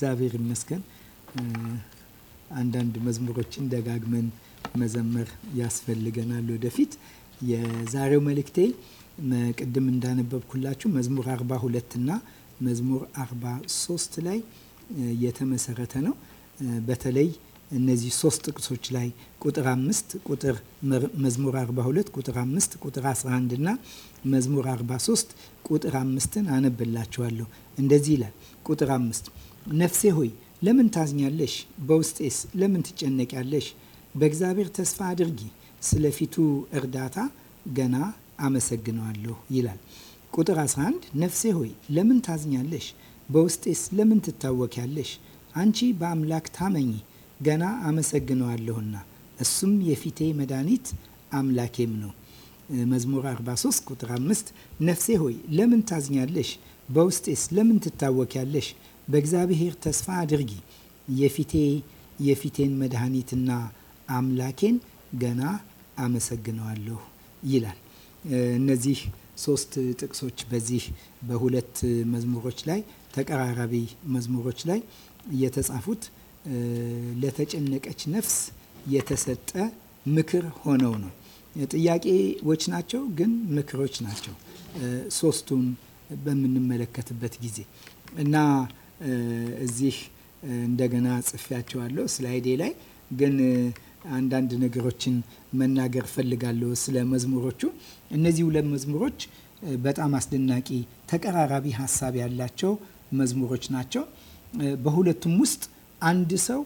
እግዚአብሔር ይመስገን። አንዳንድ መዝሙሮችን ደጋግመን መዘመር ያስፈልገናል ወደፊት። የዛሬው መልእክቴ ቅድም እንዳነበብኩላችሁ መዝሙር ሁለት እና መዝሙር ሶስት ላይ የተመሰረተ ነው። በተለይ እነዚህ ሶስት ጥቅሶች ላይ ቁጥር አምስት ቁጥር መዝሙር 42 ቁጥር አምስት ቁጥር 11 እና መዝሙር 43 ቁጥር አምስትን አነብላችኋለሁ። እንደዚህ ይላል። ቁጥር አምስት ነፍሴ ሆይ ለምን ታዝኛለሽ? በውስጤስ ለምን ትጨነቂያለሽ? በእግዚአብሔር ተስፋ አድርጊ፣ ስለፊቱ እርዳታ ገና አመሰግነዋለሁ ይላል። ቁጥር 11 ነፍሴ ሆይ ለምን ታዝኛለሽ? በውስጤስ ለምን ትታወኪያለሽ? አንቺ በአምላክ ታመኚ ገና አመሰግነዋለሁና እሱም የፊቴ መድኃኒት አምላኬም ነው። መዝሙር 43 ቁጥር 5 ነፍሴ ሆይ ለምን ታዝኛለሽ? በውስጤስ ለምን ትታወኪያለሽ? በእግዚአብሔር ተስፋ አድርጊ የፊቴ የፊቴን መድኃኒትና አምላኬን ገና አመሰግነዋለሁ ይላል። እነዚህ ሶስት ጥቅሶች በዚህ በሁለት መዝሙሮች ላይ ተቀራራቢ መዝሙሮች ላይ የተጻፉት ለተጨነቀች ነፍስ የተሰጠ ምክር ሆነው ነው። ጥያቄዎች ናቸው፣ ግን ምክሮች ናቸው። ሶስቱን በምንመለከትበት ጊዜ እና እዚህ እንደገና ጽፌያቸዋለሁ ስላይዴ ላይ ግን አንዳንድ ነገሮችን መናገር ፈልጋለሁ ስለ መዝሙሮቹ። እነዚህ ሁለት መዝሙሮች በጣም አስደናቂ ተቀራራቢ ሀሳብ ያላቸው መዝሙሮች ናቸው። በሁለቱም ውስጥ አንድ ሰው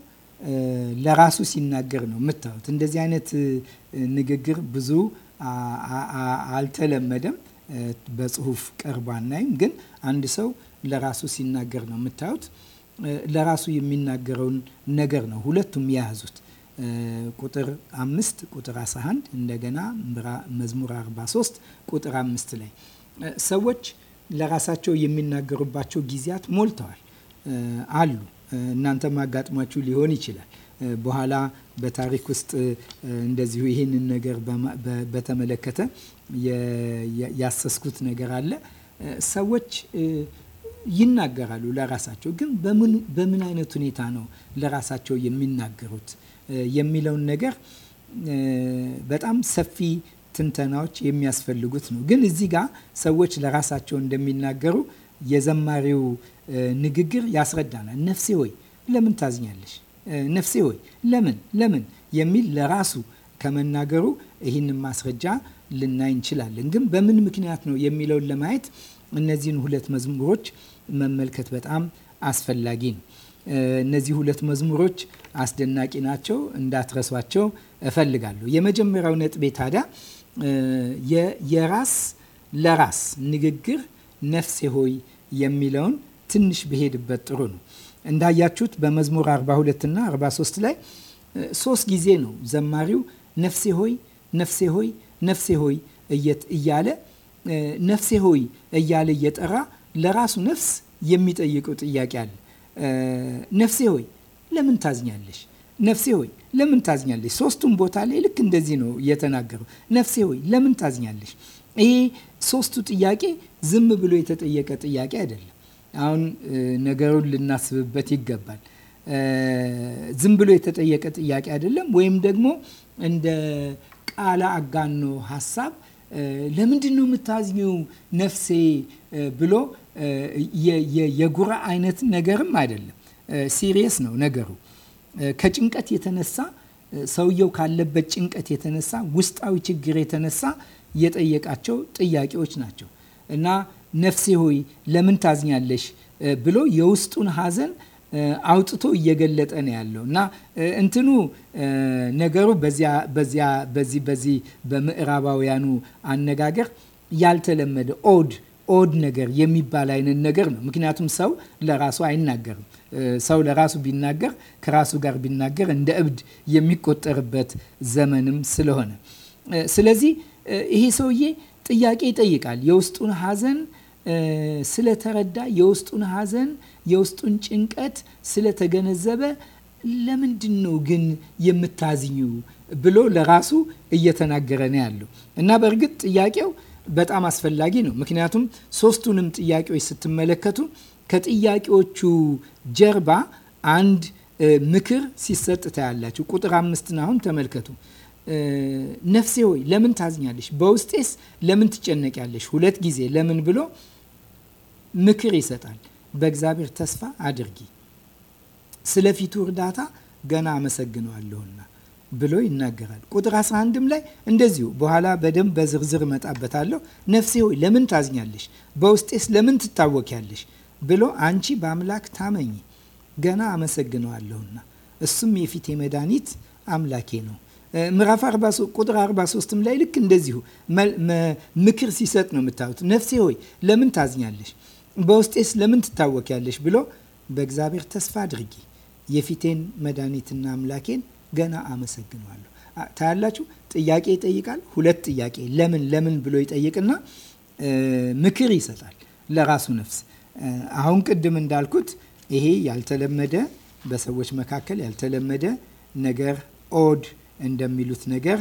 ለራሱ ሲናገር ነው የምታዩት። እንደዚህ አይነት ንግግር ብዙ አልተለመደም፣ በጽሁፍ ቀርቦ አናይም። ግን አንድ ሰው ለራሱ ሲናገር ነው የምታዩት። ለራሱ የሚናገረውን ነገር ነው ሁለቱም የያዙት። ቁጥር አምስት ቁጥር 11 እንደገና መዝሙር 43 ቁጥር አምስት ላይ ሰዎች ለራሳቸው የሚናገሩባቸው ጊዜያት ሞልተዋል አሉ እናንተም አጋጥሟችሁ ሊሆን ይችላል። በኋላ በታሪክ ውስጥ እንደዚሁ ይህንን ነገር በተመለከተ ያሰስኩት ነገር አለ። ሰዎች ይናገራሉ ለራሳቸው ግን በምን አይነት ሁኔታ ነው ለራሳቸው የሚናገሩት የሚለውን ነገር በጣም ሰፊ ትንተናዎች የሚያስፈልጉት ነው። ግን እዚህ ጋር ሰዎች ለራሳቸው እንደሚናገሩ የዘማሪው ንግግር ያስረዳናል። ነፍሴ ሆይ ለምን ታዝኛለሽ? ነፍሴ ሆይ ለምን ለምን የሚል ለራሱ ከመናገሩ ይህንን ማስረጃ ልናይ እንችላለን። ግን በምን ምክንያት ነው የሚለውን ለማየት እነዚህን ሁለት መዝሙሮች መመልከት በጣም አስፈላጊ ነው። እነዚህ ሁለት መዝሙሮች አስደናቂ ናቸው። እንዳትረሷቸው እፈልጋለሁ። የመጀመሪያው ነጥቤ ታዲያ የራስ ለራስ ንግግር ነፍሴ ሆይ የሚለውን ትንሽ ብሄድበት ጥሩ ነው። እንዳያችሁት በመዝሙር 42 እና 43 ላይ ሶስት ጊዜ ነው ዘማሪው ነፍሴ ሆይ ነፍሴ ሆይ ነፍሴ ሆይ እያለ ነፍሴ ሆይ እያለ እየጠራ ለራሱ ነፍስ የሚጠይቀው ጥያቄ አለ። ነፍሴ ሆይ ለምን ታዝኛለሽ? ነፍሴ ሆይ ለምን ታዝኛለሽ? ሶስቱም ቦታ ላይ ልክ እንደዚህ ነው እየተናገረው። ነፍሴ ሆይ ለምን ታዝኛለሽ? ይህ ሶስቱ ጥያቄ ዝም ብሎ የተጠየቀ ጥያቄ አይደለም። አሁን ነገሩን ልናስብበት ይገባል። ዝም ብሎ የተጠየቀ ጥያቄ አይደለም። ወይም ደግሞ እንደ ቃለ አጋኖ ሀሳብ ለምንድን ነው የምታዝኘው ነፍሴ ብሎ የጉራ አይነት ነገርም አይደለም። ሲሪየስ ነው ነገሩ። ከጭንቀት የተነሳ ሰውየው ካለበት ጭንቀት የተነሳ ውስጣዊ ችግር የተነሳ የጠየቃቸው ጥያቄዎች ናቸው እና ነፍሴ ሆይ ለምን ታዝኛለሽ ብሎ የውስጡን ሐዘን አውጥቶ እየገለጠ ነው ያለው እና እንትኑ ነገሩ በዚያ በዚህ በዚህ በምዕራባውያኑ አነጋገር ያልተለመደ ኦድ ኦድ ነገር የሚባል አይነት ነገር ነው። ምክንያቱም ሰው ለራሱ አይናገርም። ሰው ለራሱ ቢናገር ከራሱ ጋር ቢናገር እንደ እብድ የሚቆጠርበት ዘመንም ስለሆነ ስለዚህ ይሄ ሰውዬ ጥያቄ ይጠይቃል። የውስጡን ሐዘን ስለተረዳ፣ የውስጡን ሐዘን፣ የውስጡን ጭንቀት ስለተገነዘበ ለምንድን ነው ግን የምታዝኙ ብሎ ለራሱ እየተናገረ ነው ያለው እና በእርግጥ ጥያቄው በጣም አስፈላጊ ነው። ምክንያቱም ሶስቱንም ጥያቄዎች ስትመለከቱ ከጥያቄዎቹ ጀርባ አንድ ምክር ሲሰጥ ታያላችሁ። ቁጥር አምስትን አሁን ተመልከቱ። ነፍሴ ሆይ ለምን ታዝኛለሽ? በውስጤስ ለምን ትጨነቂያለሽ? ሁለት ጊዜ ለምን ብሎ ምክር ይሰጣል። በእግዚአብሔር ተስፋ አድርጊ፣ ስለፊቱ እርዳታ ገና አመሰግነዋለሁና ብሎ ይናገራል። ቁጥር 11ም ላይ እንደዚሁ በኋላ በደንብ በዝርዝር እመጣበታለሁ። ነፍሴ ሆይ ለምን ታዝኛለሽ? በውስጤስ ለምን ትታወኪያለሽ? ብሎ አንቺ በአምላክ ታመኚ፣ ገና አመሰግነዋለሁና እሱም የፊቴ መድኃኒት አምላኬ ነው ምዕራፍ 43 ቁጥር 43 ላይ ልክ እንደዚሁ ምክር ሲሰጥ ነው የምታዩት። ነፍሴ ሆይ ለምን ታዝኛለሽ? በውስጤስ ለምን ትታወቂያለሽ? ብሎ በእግዚአብሔር ተስፋ አድርጊ፣ የፊቴን መድኃኒትና አምላኬን ገና አመሰግነዋለሁ። ታያላችሁ፣ ጥያቄ ይጠይቃል። ሁለት ጥያቄ ለምን ለምን ብሎ ይጠይቅና ምክር ይሰጣል ለራሱ ነፍስ። አሁን ቅድም እንዳልኩት ይሄ ያልተለመደ በሰዎች መካከል ያልተለመደ ነገር ኦድ እንደሚሉት ነገር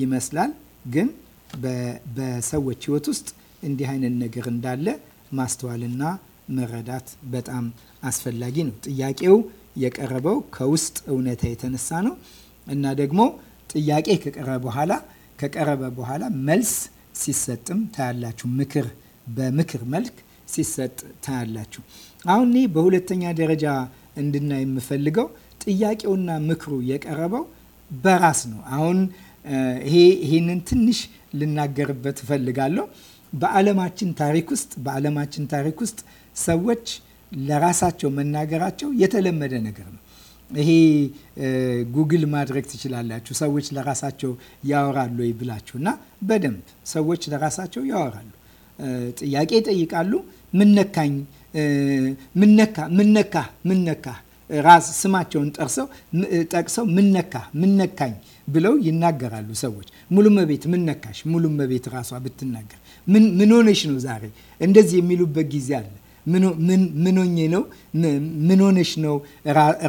ይመስላል። ግን በሰዎች ህይወት ውስጥ እንዲህ አይነት ነገር እንዳለ ማስተዋልና መረዳት በጣም አስፈላጊ ነው። ጥያቄው የቀረበው ከውስጥ እውነታ የተነሳ ነው እና ደግሞ ጥያቄ ከቀረበ በኋላ ከቀረበ በኋላ መልስ ሲሰጥም ታያላችሁ። ምክር በምክር መልክ ሲሰጥ ታያላችሁ። አሁን እኔ በሁለተኛ ደረጃ እንድናይ የምፈልገው ጥያቄውና ምክሩ የቀረበው በራስ ነው። አሁን ይሄ ይህንን ትንሽ ልናገርበት እፈልጋለሁ። በዓለማችን ታሪክ ውስጥ በዓለማችን ታሪክ ውስጥ ሰዎች ለራሳቸው መናገራቸው የተለመደ ነገር ነው። ይሄ ጉግል ማድረግ ትችላላችሁ። ሰዎች ለራሳቸው ያወራሉ ወይ ብላችሁ እና በደንብ ሰዎች ለራሳቸው ያወራሉ። ጥያቄ ይጠይቃሉ። ምነካኝ፣ ምነካ፣ ምነካ፣ ምነካ ራስ ስማቸውን ጠቅሰው ምነካ ምነካኝ ብለው ይናገራሉ ሰዎች። ሙሉመቤት ምነካሽ፣ ሙሉመቤት ራሷ ብትናገር ምን ሆነሽ ነው ዛሬ እንደዚህ የሚሉበት ጊዜ አለ። ምን ሆኜ ነው? ምን ሆነሽ ነው?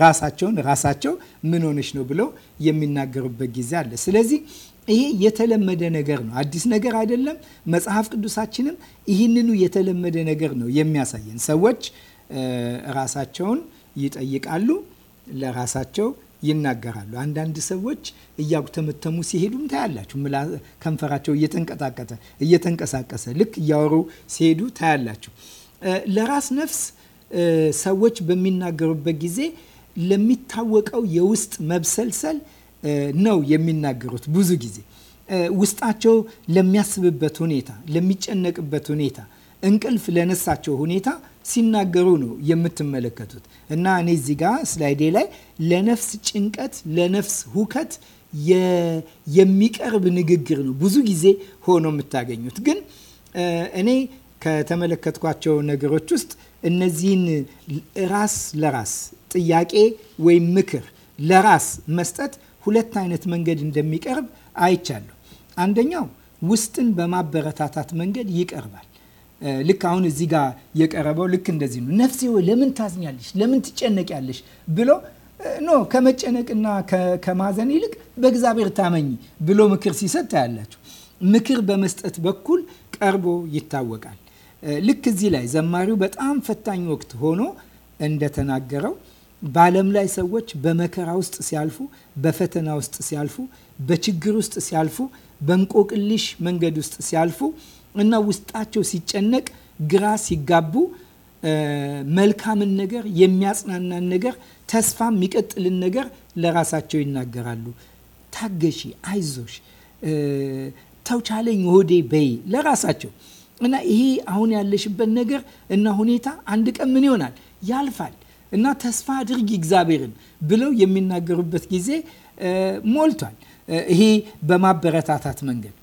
ራሳቸውን ራሳቸው ምን ሆነሽ ነው ብለው የሚናገሩበት ጊዜ አለ። ስለዚህ ይሄ የተለመደ ነገር ነው። አዲስ ነገር አይደለም። መጽሐፍ ቅዱሳችንም ይህንኑ የተለመደ ነገር ነው የሚያሳየን ሰዎች ራሳቸውን ይጠይቃሉ፣ ለራሳቸው ይናገራሉ። አንዳንድ ሰዎች እያጉተመተሙ ሲሄዱም ታያላችሁ። ከንፈራቸው እየተንቀጣቀጠ እየተንቀሳቀሰ ልክ እያወሩ ሲሄዱ ታያላችሁ። ለራስ ነፍስ ሰዎች በሚናገሩበት ጊዜ ለሚታወቀው የውስጥ መብሰልሰል ነው የሚናገሩት። ብዙ ጊዜ ውስጣቸው ለሚያስብበት ሁኔታ፣ ለሚጨነቅበት ሁኔታ፣ እንቅልፍ ለነሳቸው ሁኔታ ሲናገሩ ነው የምትመለከቱት። እና እኔ እዚህ ጋ ስላይዴ ላይ ለነፍስ ጭንቀት፣ ለነፍስ ሁከት የሚቀርብ ንግግር ነው ብዙ ጊዜ ሆኖ የምታገኙት። ግን እኔ ከተመለከትኳቸው ነገሮች ውስጥ እነዚህን ራስ ለራስ ጥያቄ ወይም ምክር ለራስ መስጠት ሁለት አይነት መንገድ እንደሚቀርብ አይቻለሁ። አንደኛው ውስጥን በማበረታታት መንገድ ይቀርባል። ልክ አሁን እዚህ ጋር የቀረበው ልክ እንደዚህ ነው። ነፍሴ ወይ ለምን ታዝኛለሽ? ለምን ትጨነቂያለሽ? ብሎ ኖ ከመጨነቅና ከማዘን ይልቅ በእግዚአብሔር ታመኝ ብሎ ምክር ሲሰጥ ታያላችሁ። ምክር በመስጠት በኩል ቀርቦ ይታወቃል። ልክ እዚህ ላይ ዘማሪው በጣም ፈታኝ ወቅት ሆኖ እንደተናገረው በዓለም ላይ ሰዎች በመከራ ውስጥ ሲያልፉ፣ በፈተና ውስጥ ሲያልፉ፣ በችግር ውስጥ ሲያልፉ፣ በእንቆቅልሽ መንገድ ውስጥ ሲያልፉ እና ውስጣቸው ሲጨነቅ፣ ግራ ሲጋቡ መልካምን ነገር፣ የሚያጽናናን ነገር፣ ተስፋ የሚቀጥልን ነገር ለራሳቸው ይናገራሉ። ታገሺ፣ አይዞሽ፣ ተውቻለኝ ሆዴ በይ ለራሳቸው እና ይሄ አሁን ያለሽበት ነገር እና ሁኔታ አንድ ቀን ምን ይሆናል ያልፋል እና ተስፋ አድርጊ እግዚአብሔርን ብለው የሚናገሩበት ጊዜ ሞልቷል። ይሄ በማበረታታት መንገድ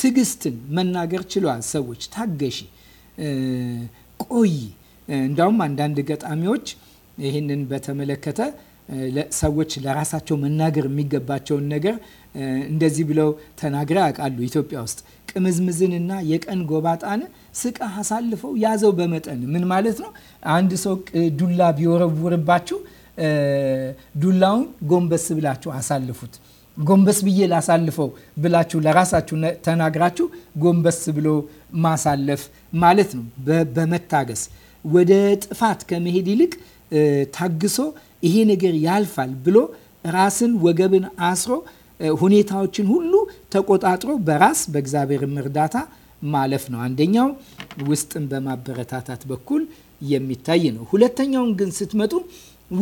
ትዕግስትን መናገር ችሏል። ሰዎች ታገሺ፣ ቆይ። እንዳውም አንዳንድ ገጣሚዎች ይህንን በተመለከተ ሰዎች ለራሳቸው መናገር የሚገባቸውን ነገር እንደዚህ ብለው ተናግረው ያውቃሉ። ኢትዮጵያ ውስጥ ቅምዝምዝንና የቀን ጎባጣን ስቃ አሳልፈው ያዘው በመጠን ምን ማለት ነው? አንድ ሰው ዱላ ቢወረውርባችሁ ዱላውን ጎንበስ ብላችሁ አሳልፉት ጎንበስ ብዬ ላሳልፈው ብላችሁ ለራሳችሁ ተናግራችሁ ጎንበስ ብሎ ማሳለፍ ማለት ነው። በመታገስ ወደ ጥፋት ከመሄድ ይልቅ ታግሶ ይሄ ነገር ያልፋል ብሎ ራስን ወገብን አስሮ ሁኔታዎችን ሁሉ ተቆጣጥሮ በራስ በእግዚአብሔርም እርዳታ ማለፍ ነው። አንደኛው ውስጥን በማበረታታት በኩል የሚታይ ነው። ሁለተኛውን ግን ስትመጡ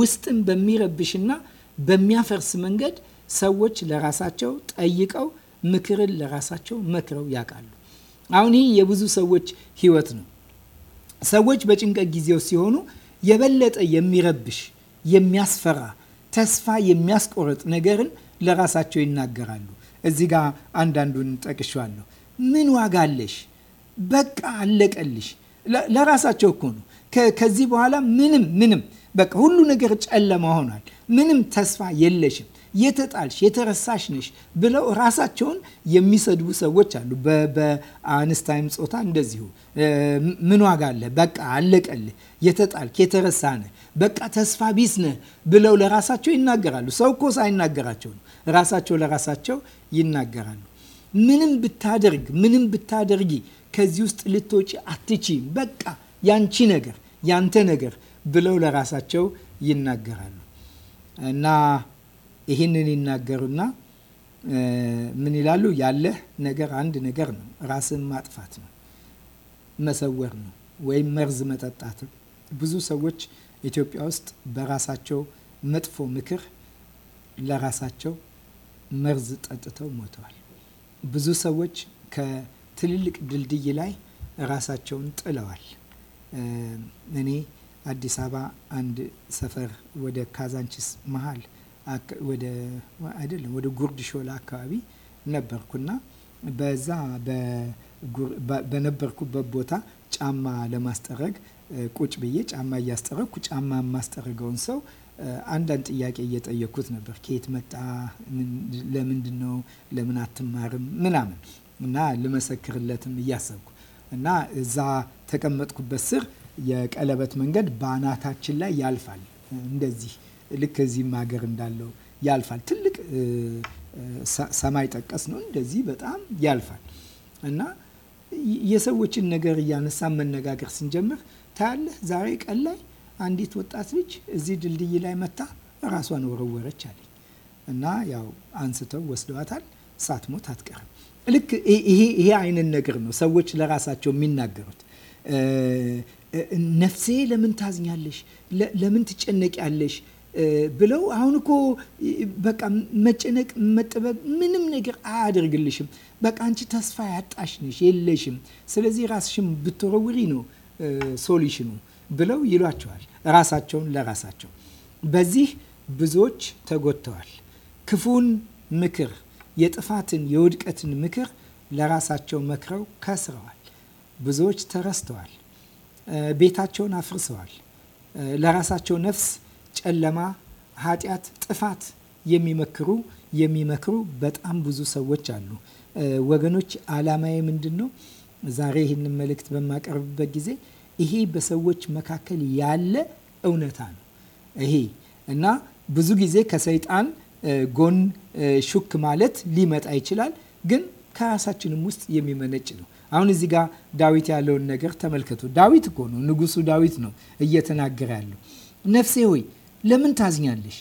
ውስጥን በሚረብሽና በሚያፈርስ መንገድ ሰዎች ለራሳቸው ጠይቀው ምክርን ለራሳቸው መክረው ያውቃሉ። አሁን ይህ የብዙ ሰዎች ህይወት ነው። ሰዎች በጭንቀት ጊዜው ሲሆኑ የበለጠ የሚረብሽ የሚያስፈራ ተስፋ የሚያስቆርጥ ነገርን ለራሳቸው ይናገራሉ። እዚህ ጋ አንዳንዱን ጠቅሻለሁ። ምን ዋጋ አለሽ? በቃ አለቀልሽ። ለራሳቸው እኮ ነው። ከዚህ በኋላ ምንም ምንም በቃ ሁሉ ነገር ጨለማ ሆኗል። ምንም ተስፋ የለሽም። የተጣልሽ፣ የተረሳሽ ነሽ ብለው ራሳቸውን የሚሰድቡ ሰዎች አሉ። በአንስታይም ጾታ እንደዚሁ ምን ዋጋ አለ፣ በቃ አለቀልህ፣ የተጣልክ የተረሳ ነህ፣ በቃ ተስፋ ቢስ ነህ ብለው ለራሳቸው ይናገራሉ። ሰው እኮ ሳይናገራቸው ነው፣ ራሳቸው ለራሳቸው ይናገራሉ። ምንም ብታደርግ፣ ምንም ብታደርጊ ከዚህ ውስጥ ልትወጪ አትችም፣ በቃ ያንቺ ነገር ያንተ ነገር ብለው ለራሳቸው ይናገራሉ እና ይህንን ይናገሩና ምን ይላሉ? ያለህ ነገር አንድ ነገር ነው። ራስን ማጥፋት ነው፣ መሰወር ነው፣ ወይም መርዝ መጠጣት ነው። ብዙ ሰዎች ኢትዮጵያ ውስጥ በራሳቸው መጥፎ ምክር ለራሳቸው መርዝ ጠጥተው ሞተዋል። ብዙ ሰዎች ከትልልቅ ድልድይ ላይ ራሳቸውን ጥለዋል። እኔ አዲስ አበባ አንድ ሰፈር ወደ ካዛንቺስ መሀል ወደ አይደለም ወደ ጉርድ ሾላ አካባቢ ነበርኩና በዛ በነበርኩበት ቦታ ጫማ ለማስጠረግ ቁጭ ብዬ ጫማ እያስጠረግኩ ጫማ የማስጠረገውን ሰው አንዳንድ ጥያቄ እየጠየኩት ነበር። ከየት መጣ? ለምንድን ነው? ለምን አትማርም? ምናምን እና ልመሰክርለትም እያሰብኩ እና እዛ ተቀመጥኩበት ስር የቀለበት መንገድ በአናታችን ላይ ያልፋል እንደዚህ ልክ ከዚህም ሀገር እንዳለው ያልፋል። ትልቅ ሰማይ ጠቀስ ነው። እንደዚህ በጣም ያልፋል እና የሰዎችን ነገር እያነሳ መነጋገር ስንጀምር ታያለህ። ዛሬ ቀን ላይ አንዲት ወጣት ልጅ እዚህ ድልድይ ላይ መታ ራሷን ወረወረች አለኝ እና ያው አንስተው ወስደዋታል። ሳትሞት አትቀርም። ልክ ይሄ አይነት ነገር ነው ሰዎች ለራሳቸው የሚናገሩት። ነፍሴ ለምን ታዝኛለሽ? ለምን ትጨነቂያለሽ? ብለው አሁን እኮ በቃ መጨነቅ መጠበብ ምንም ነገር አያደርግልሽም። በቃ አንቺ ተስፋ ያጣሽ ነሽ የለሽም። ስለዚህ ራስሽም ብትወረውሪ ነው ሶሉሽኑ ብለው ይሏቸዋል። ራሳቸውን ለራሳቸው በዚህ ብዙዎች ተጎድተዋል። ክፉን ምክር፣ የጥፋትን የውድቀትን ምክር ለራሳቸው መክረው ከስረዋል። ብዙዎች ተረስተዋል። ቤታቸውን አፍርሰዋል። ለራሳቸው ነፍስ ጨለማ፣ ኃጢአት፣ ጥፋት የሚመክሩ የሚመክሩ በጣም ብዙ ሰዎች አሉ። ወገኖች አላማዬ ምንድን ነው? ዛሬ ይህንን መልእክት በማቀርብበት ጊዜ ይሄ በሰዎች መካከል ያለ እውነታ ነው። ይሄ እና ብዙ ጊዜ ከሰይጣን ጎን ሹክ ማለት ሊመጣ ይችላል፣ ግን ከራሳችንም ውስጥ የሚመነጭ ነው። አሁን እዚህ ጋር ዳዊት ያለውን ነገር ተመልከቱ። ዳዊት እኮ ነው ንጉሱ ዳዊት ነው እየተናገረ ያለው ነፍሴ ሆይ ለምን ታዝኛለሽ?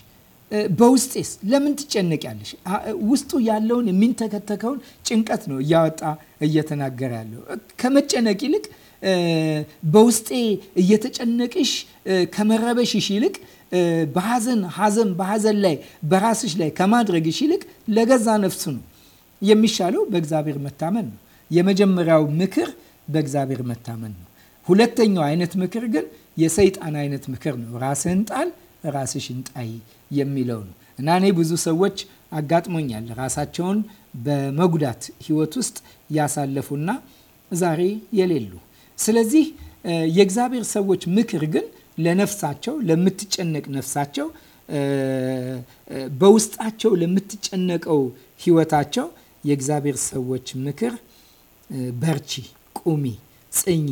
በውስጤስ ለምን ትጨነቂያለሽ? ውስጡ ያለውን የሚንተከተከውን ጭንቀት ነው እያወጣ እየተናገረ ያለው። ከመጨነቅ ይልቅ በውስጤ እየተጨነቅሽ ከመረበሽሽ ይልቅ በሐዘን ሐዘን በሐዘን ላይ በራስሽ ላይ ከማድረግሽ ይልቅ ለገዛ ነፍሱ ነው የሚሻለው። በእግዚአብሔር መታመን ነው የመጀመሪያው ምክር፣ በእግዚአብሔር መታመን ነው። ሁለተኛው አይነት ምክር ግን የሰይጣን አይነት ምክር ነው። ራስህን ጣል ራስሽን ጣይ የሚለው ነው እና እኔ ብዙ ሰዎች አጋጥሞኛል ራሳቸውን በመጉዳት ህይወት ውስጥ ያሳለፉና ዛሬ የሌሉ። ስለዚህ የእግዚአብሔር ሰዎች ምክር ግን ለነፍሳቸው ለምትጨነቅ ነፍሳቸው በውስጣቸው ለምትጨነቀው ህይወታቸው የእግዚአብሔር ሰዎች ምክር በርቺ፣ ቁሚ፣ ጽኚ፣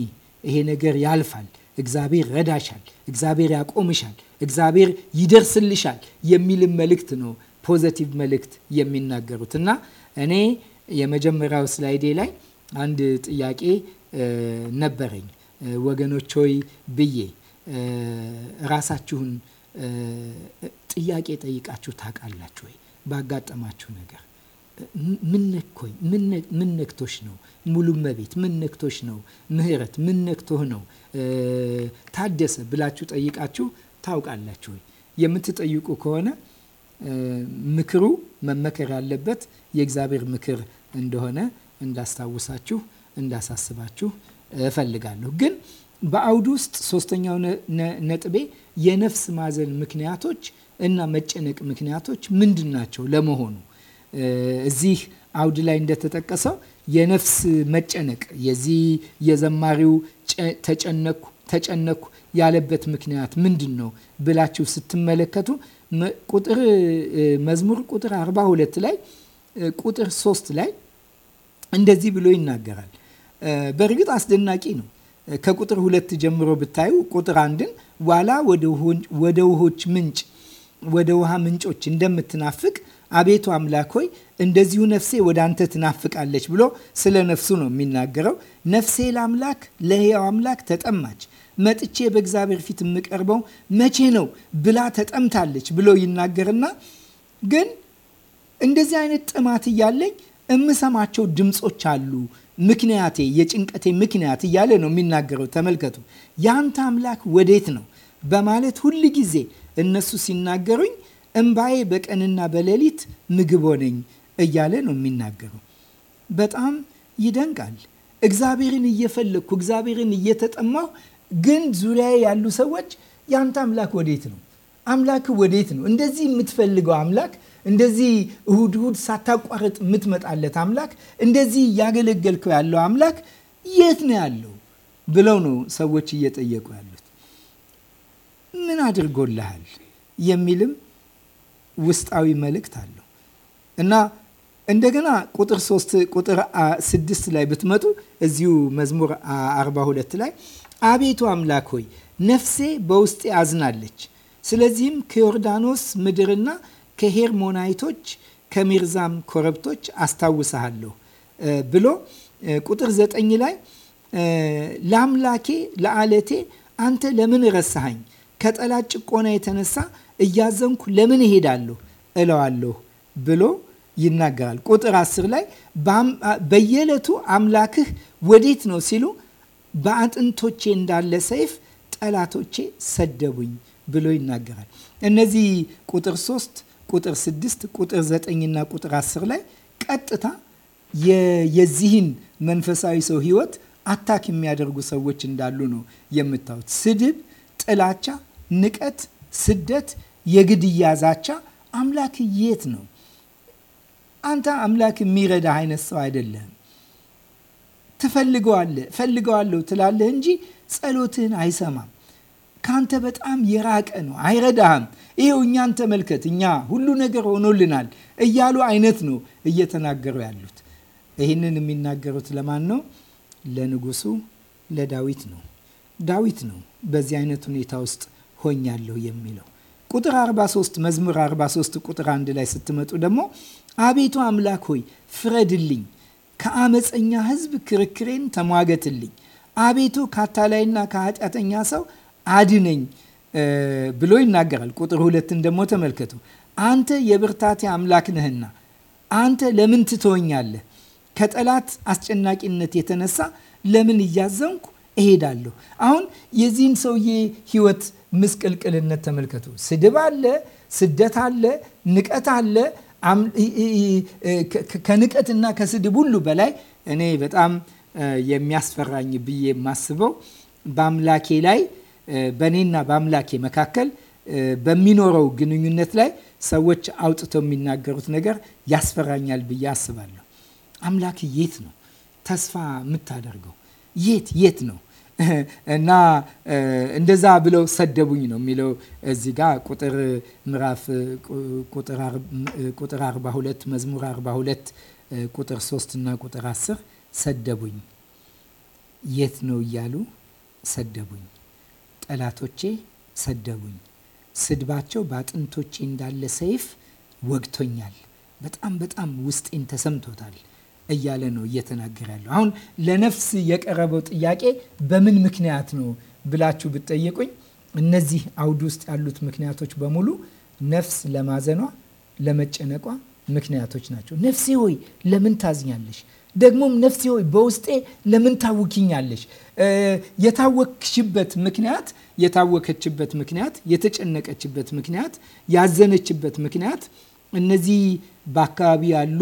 ይሄ ነገር ያልፋል እግዚአብሔር ረዳሻል፣ እግዚአብሔር ያቆምሻል፣ እግዚአብሔር ይደርስልሻል የሚልም መልእክት ነው ፖዘቲቭ መልእክት የሚናገሩት እና እኔ የመጀመሪያው ስላይዴ ላይ አንድ ጥያቄ ነበረኝ ወገኖች ሆይ ብዬ ራሳችሁን ጥያቄ ጠይቃችሁ ታውቃላችሁ ወይ? ባጋጠማችሁ ነገር ምን ነክቶሽ ነው ሙሉ መቤት ምን ነክቶሽ ነው? ምህረት ምን ነክቶህ ነው? ታደሰ ብላችሁ ጠይቃችሁ ታውቃላችሁ? የምትጠይቁ ከሆነ ምክሩ መመከር ያለበት የእግዚአብሔር ምክር እንደሆነ እንዳስታውሳችሁ እንዳሳስባችሁ እፈልጋለሁ። ግን በአውድ ውስጥ ሶስተኛው ነጥቤ የነፍስ ማዘን ምክንያቶች እና መጨነቅ ምክንያቶች ምንድን ናቸው? ለመሆኑ እዚህ አውድ ላይ እንደተጠቀሰው የነፍስ መጨነቅ የዚህ የዘማሪው ተጨነኩ ተጨነኩ ያለበት ምክንያት ምንድን ነው ብላችሁ ስትመለከቱ ቁጥር መዝሙር ቁጥር 42 ላይ ቁጥር 3 ላይ እንደዚህ ብሎ ይናገራል። በእርግጥ አስደናቂ ነው። ከቁጥር ሁለት ጀምሮ ብታዩ ቁጥር አንድን ዋላ ወደ ውሆች ምንጭ ወደ ውሃ ምንጮች እንደምትናፍቅ አቤቱ አምላክ ሆይ እንደዚሁ ነፍሴ ወደ አንተ ትናፍቃለች ብሎ ስለ ነፍሱ ነው የሚናገረው። ነፍሴ ለአምላክ ለሕያው አምላክ ተጠማች፣ መጥቼ በእግዚአብሔር ፊት የምቀርበው መቼ ነው ብላ ተጠምታለች ብሎ ይናገርና ግን እንደዚህ አይነት ጥማት እያለኝ እምሰማቸው ድምፆች አሉ ምክንያቴ የጭንቀቴ ምክንያት እያለ ነው የሚናገረው። ተመልከቱ። የአንተ አምላክ ወዴት ነው በማለት ሁል ጊዜ እነሱ ሲናገሩኝ እምባዬ በቀንና በሌሊት ምግብ ሆነኝ እያለ ነው የሚናገረው። በጣም ይደንቃል። እግዚአብሔርን እየፈለግኩ እግዚአብሔርን እየተጠማሁ ግን ዙሪያ ያሉ ሰዎች የአንተ አምላክ ወዴት ነው? አምላክ ወዴት ነው? እንደዚህ የምትፈልገው አምላክ እንደዚህ እሁድ እሁድ ሳታቋርጥ የምትመጣለት አምላክ እንደዚህ እያገለገልከው ያለው አምላክ የት ነው ያለው ብለው ነው ሰዎች እየጠየቁ ያሉት። ምን አድርጎልሃል የሚልም ውስጣዊ መልእክት አለው እና እንደገና ቁጥር 3 ቁጥር 6 ላይ ብትመጡ እዚሁ መዝሙር 42 ላይ አቤቱ አምላክ ሆይ ነፍሴ በውስጤ አዝናለች፣ ስለዚህም ከዮርዳኖስ ምድርና ከሄርሞናይቶች ከሚርዛም ኮረብቶች አስታውሰሃለሁ ብሎ ቁጥር 9 ላይ ለአምላኬ ለአለቴ አንተ ለምን ረሳኸኝ? ከጠላት ጭቆና የተነሳ እያዘንኩ ለምን እሄዳለሁ እለዋለሁ ብሎ ይናገራል። ቁጥር አስር ላይ በየዕለቱ አምላክህ ወዴት ነው ሲሉ በአጥንቶቼ እንዳለ ሰይፍ ጠላቶቼ ሰደቡኝ ብሎ ይናገራል። እነዚህ ቁጥር ሶስት ቁጥር ስድስት ቁጥር ዘጠኝና ቁጥር አስር ላይ ቀጥታ የዚህን መንፈሳዊ ሰው ህይወት አታክ የሚያደርጉ ሰዎች እንዳሉ ነው የምታዩት። ስድብ፣ ጥላቻ፣ ንቀት፣ ስደት የግድያ ዛቻ አምላክ የት ነው? አንተ አምላክ የሚረዳ አይነት ሰው አይደለም ትፈልገዋለህ ፈልገዋለሁ ትላለህ እንጂ ጸሎትህን አይሰማም። ከአንተ በጣም የራቀ ነው፣ አይረዳህም። ይሄው እኛን ተመልከት፣ እኛ ሁሉ ነገር ሆኖልናል እያሉ አይነት ነው እየተናገሩ ያሉት። ይህንን የሚናገሩት ለማን ነው? ለንጉሱ ለዳዊት ነው። ዳዊት ነው በዚህ አይነት ሁኔታ ውስጥ ሆኛለሁ የሚለው ቁጥር 43 መዝሙር 43 ቁጥር 1 ላይ ስትመጡ ደግሞ አቤቱ አምላክ ሆይ ፍረድልኝ፣ ከአመፀኛ ሕዝብ ክርክሬን ተሟገትልኝ፣ አቤቱ ከአታላይና ከኃጢአተኛ ሰው አድነኝ ብሎ ይናገራል። ቁጥር ሁለትን ደግሞ ተመልከቱ። አንተ የብርታቴ አምላክ ነህና አንተ ለምን ትተወኛለህ? ከጠላት አስጨናቂነት የተነሳ ለምን እያዘንኩ እሄዳለሁ? አሁን የዚህን ሰውዬ ህይወት ምስቅልቅልነት ተመልከቱ። ስድብ አለ፣ ስደት አለ፣ ንቀት አለ። ከንቀትና ከስድብ ሁሉ በላይ እኔ በጣም የሚያስፈራኝ ብዬ የማስበው በአምላኬ ላይ በእኔና በአምላኬ መካከል በሚኖረው ግንኙነት ላይ ሰዎች አውጥተው የሚናገሩት ነገር ያስፈራኛል ብዬ አስባለሁ። አምላክ የት ነው ተስፋ የምታደርገው? የት የት ነው እና እንደዛ ብለው ሰደቡኝ ነው የሚለው እዚህ ጋ ቁጥር ምዕራፍ ቁጥር 42 መዝሙር 42 ቁጥር 3 እና ቁጥር 10 ሰደቡኝ፣ የት ነው እያሉ ሰደቡኝ፣ ጠላቶቼ ሰደቡኝ። ስድባቸው በአጥንቶቼ እንዳለ ሰይፍ ወግቶኛል። በጣም በጣም ውስጤን ተሰምቶታል። እያለ ነው እየተናገረ ያለው። አሁን ለነፍስ የቀረበው ጥያቄ በምን ምክንያት ነው ብላችሁ ብትጠየቁኝ እነዚህ አውድ ውስጥ ያሉት ምክንያቶች በሙሉ ነፍስ ለማዘኗ ለመጨነቋ ምክንያቶች ናቸው። ነፍሴ ሆይ ለምን ታዝኛለሽ? ደግሞም ነፍሴ ሆይ በውስጤ ለምን ታውኪኛለሽ? የታወክሽበት ምክንያት የታወከችበት ምክንያት የተጨነቀችበት ምክንያት ያዘነችበት ምክንያት እነዚህ በአካባቢ ያሉ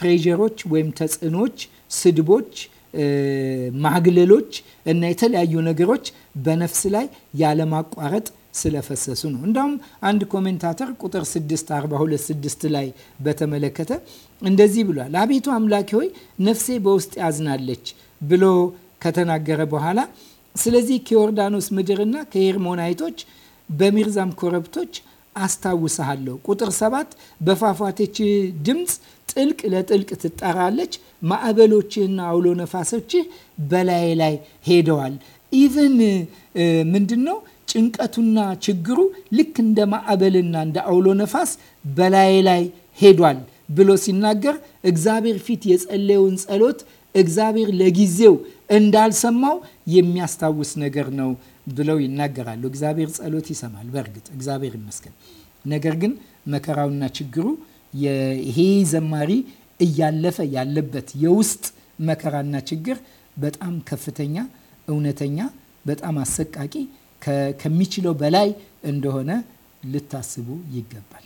ፕሬዠሮች ወይም ተጽዕኖች፣ ስድቦች፣ ማግለሎች እና የተለያዩ ነገሮች በነፍስ ላይ ያለማቋረጥ ስለፈሰሱ ነው። እንዳውም አንድ ኮሜንታተር ቁጥር 6 426 ላይ በተመለከተ እንደዚህ ብሏል። አቤቱ አምላኪ ሆይ ነፍሴ በውስጥ ያዝናለች ብሎ ከተናገረ በኋላ ስለዚህ ከዮርዳኖስ ምድርና ከሄርሞናይቶች በሚርዛም ኮረብቶች አስታውሳለሁ ቁጥር ሰባት በፏፏቴች ድምፅ ጥልቅ ለጥልቅ ትጣራለች። ማዕበሎችህና አውሎ ነፋሶችህ በላይ ላይ ሄደዋል። ኢቨን ምንድን ነው ጭንቀቱና ችግሩ ልክ እንደ ማዕበልና እንደ አውሎ ነፋስ በላይ ላይ ሄዷል ብሎ ሲናገር እግዚአብሔር ፊት የጸለየውን ጸሎት እግዚአብሔር ለጊዜው እንዳልሰማው የሚያስታውስ ነገር ነው ብለው ይናገራሉ። እግዚአብሔር ጸሎት ይሰማል። በእርግጥ እግዚአብሔር ይመስገን። ነገር ግን መከራውና ችግሩ ይሄ ዘማሪ እያለፈ ያለበት የውስጥ መከራና ችግር በጣም ከፍተኛ፣ እውነተኛ፣ በጣም አሰቃቂ ከሚችለው በላይ እንደሆነ ልታስቡ ይገባል።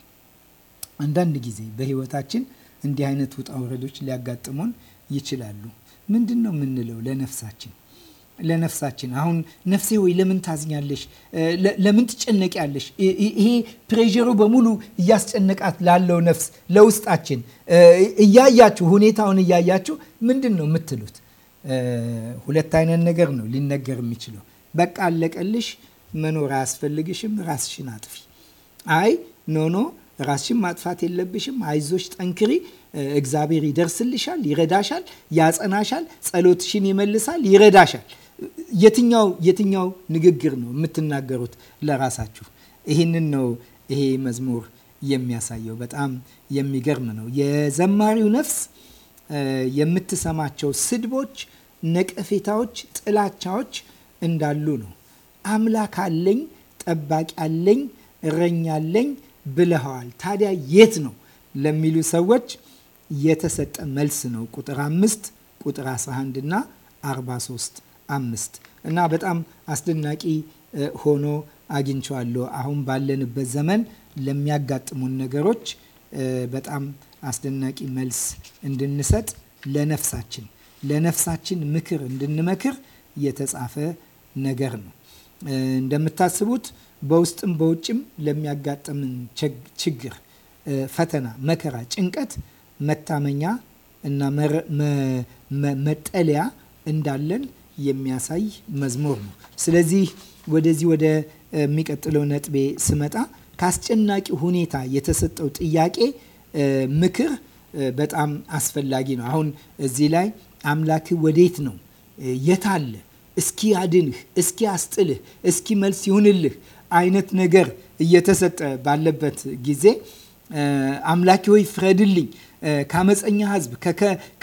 አንዳንድ ጊዜ በህይወታችን እንዲህ አይነት ውጣ ውረዶች ሊያጋጥሙን ይችላሉ። ምንድን ነው የምንለው ለነፍሳችን? ለነፍሳችን። አሁን ነፍሴ ወይ ለምን ታዝኛለሽ? ለምን ትጨነቂያለሽ? ይሄ ፕሬሩ በሙሉ እያስጨነቃት ላለው ነፍስ ለውስጣችን እያያችሁ ሁኔታውን እያያችሁ ምንድን ነው የምትሉት? ሁለት አይነት ነገር ነው ሊነገር የሚችለው። በቃ አለቀልሽ፣ መኖር አያስፈልግሽም፣ ራስሽን አጥፊ። አይ ኖኖ ራስሽን ማጥፋት የለብሽም። አይዞሽ፣ ጠንክሪ፣ እግዚአብሔር ይደርስልሻል፣ ይረዳሻል፣ ያጸናሻል፣ ጸሎትሽን ይመልሳል፣ ይረዳሻል። የትኛው የትኛው ንግግር ነው የምትናገሩት ለራሳችሁ? ይህንን ነው ይሄ መዝሙር የሚያሳየው። በጣም የሚገርም ነው። የዘማሪው ነፍስ የምትሰማቸው ስድቦች፣ ነቀፌታዎች፣ ጥላቻዎች እንዳሉ ነው። አምላክ አለኝ፣ ጠባቂ አለኝ፣ እረኛ አለኝ ብለኸዋል። ታዲያ የት ነው ለሚሉ ሰዎች የተሰጠ መልስ ነው። ቁጥር አምስት ቁጥር 11 እና 43 አምስት እና በጣም አስደናቂ ሆኖ አግኝቸዋለሁ። አሁን ባለንበት ዘመን ለሚያጋጥሙን ነገሮች በጣም አስደናቂ መልስ እንድንሰጥ ለነፍሳችን ለነፍሳችን ምክር እንድንመክር የተጻፈ ነገር ነው። እንደምታስቡት በውስጥም በውጭም ለሚያጋጥምን ችግር፣ ፈተና፣ መከራ፣ ጭንቀት መታመኛ እና መጠለያ እንዳለን የሚያሳይ መዝሙር ነው። ስለዚህ ወደዚህ ወደ የሚቀጥለው ነጥቤ ስመጣ ከአስጨናቂ ሁኔታ የተሰጠው ጥያቄ ምክር በጣም አስፈላጊ ነው። አሁን እዚህ ላይ አምላክ ወዴት ነው? የት አለ? እስኪ አድንህ፣ እስኪ አስጥልህ፣ እስኪ መልስ ይሁንልህ አይነት ነገር እየተሰጠ ባለበት ጊዜ አምላኪ ሆይ ፍረድልኝ፣ ከአመፀኛ ህዝብ፣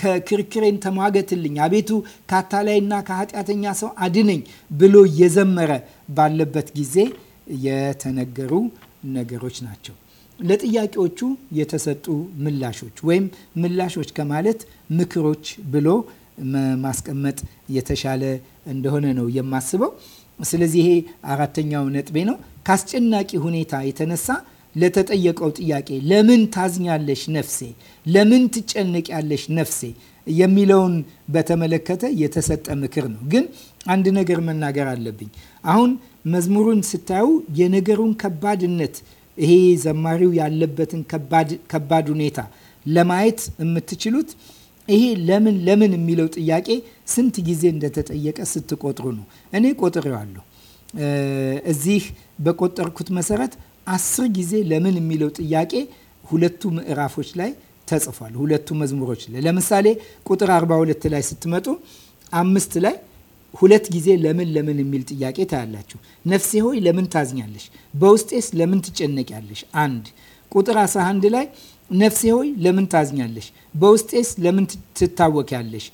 ከክርክሬን ተሟገትልኝ፣ አቤቱ ከአታላይና ከኃጢአተኛ ሰው አድነኝ ብሎ እየዘመረ ባለበት ጊዜ የተነገሩ ነገሮች ናቸው። ለጥያቄዎቹ የተሰጡ ምላሾች ወይም ምላሾች ከማለት ምክሮች ብሎ ማስቀመጥ የተሻለ እንደሆነ ነው የማስበው። ስለዚህ ይሄ አራተኛው ነጥቤ ነው። ከአስጨናቂ ሁኔታ የተነሳ ለተጠየቀው ጥያቄ ለምን ታዝኛለሽ ነፍሴ፣ ለምን ትጨነቂያለሽ ነፍሴ የሚለውን በተመለከተ የተሰጠ ምክር ነው። ግን አንድ ነገር መናገር አለብኝ። አሁን መዝሙሩን ስታዩ የነገሩን ከባድነት ይሄ ዘማሪው ያለበትን ከባድ ሁኔታ ለማየት የምትችሉት ይሄ ለምን ለምን የሚለው ጥያቄ ስንት ጊዜ እንደተጠየቀ ስትቆጥሩ ነው። እኔ ቆጥሬዋለሁ። እዚህ በቆጠርኩት መሰረት አስር ጊዜ ለምን የሚለው ጥያቄ ሁለቱ ምዕራፎች ላይ ተጽፏል። ሁለቱ መዝሙሮች ላይ ለምሳሌ ቁጥር 42 ላይ ስትመጡ አምስት ላይ ሁለት ጊዜ ለምን ለምን የሚል ጥያቄ ታያላችሁ። ነፍሴ ሆይ ለምን ታዝኛለሽ? በውስጤስ ለምን ትጨነቂያለሽ? አንድ ቁጥር 11 ላይ ነፍሴ ሆይ ለምን ታዝኛለሽ? በውስጤስ ለምን ትታወቂያለሽ?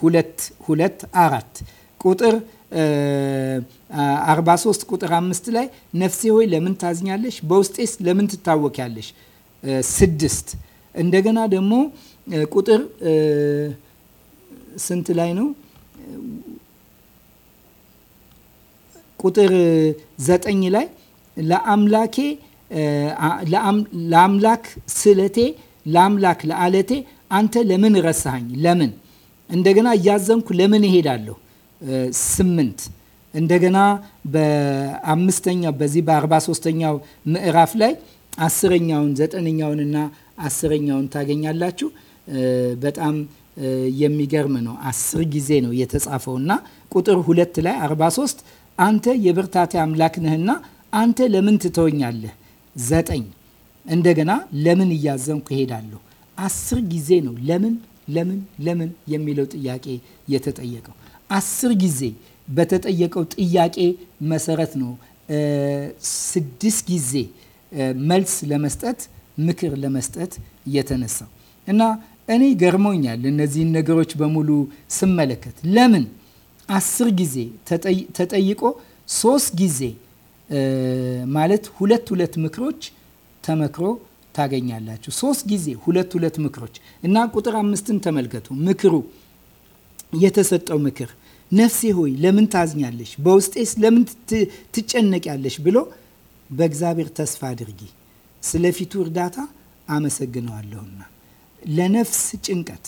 ሁለት ሁለት አራት ቁጥር 43 ቁጥር አምስት ላይ ነፍሴ ሆይ ለምን ታዝኛለሽ? በውስጤስ ለምን ትታወኪያለሽ? ስድስት እንደገና ደግሞ ቁጥር ስንት ላይ ነው? ቁጥር ዘጠኝ ላይ ለአምላኬ ለአምላክ ስለቴ ለአምላክ ለአለቴ አንተ ለምን ረሳኸኝ? ለምን እንደገና እያዘንኩ ለምን እሄዳለሁ ስምንት እንደገና በአምስተኛው በዚህ በአርባ ሶስተኛው ምዕራፍ ላይ አስረኛውን ዘጠነኛውንና አስረኛውን ታገኛላችሁ። በጣም የሚገርም ነው። አስር ጊዜ ነው የተጻፈው እና ቁጥር ሁለት ላይ ሶስት አንተ የብርታቴ አምላክ ነህና አንተ ለምን ትተወኛለህ? ዘጠኝ እንደገና ለምን እያዘንኩ እሄዳለሁ? አስር ጊዜ ነው ለምን ለምን ለምን የሚለው ጥያቄ የተጠየቀው። አስር ጊዜ በተጠየቀው ጥያቄ መሰረት ነው ስድስት ጊዜ መልስ ለመስጠት ምክር ለመስጠት የተነሳው እና እኔ ገርሞኛል እነዚህን ነገሮች በሙሉ ስመለከት ለምን አስር ጊዜ ተጠይቆ ሶስት ጊዜ ማለት ሁለት ሁለት ምክሮች ተመክሮ ታገኛላችሁ። ሶስት ጊዜ ሁለት ሁለት ምክሮች እና ቁጥር አምስትን ተመልከቱ ምክሩ የተሰጠው ምክር ነፍሴ ሆይ ለምን ታዝኛለሽ? በውስጤስ ለምን ትጨነቂያለሽ? ብሎ በእግዚአብሔር ተስፋ አድርጊ፣ ስለፊቱ እርዳታ አመሰግነዋለሁና። ለነፍስ ጭንቀት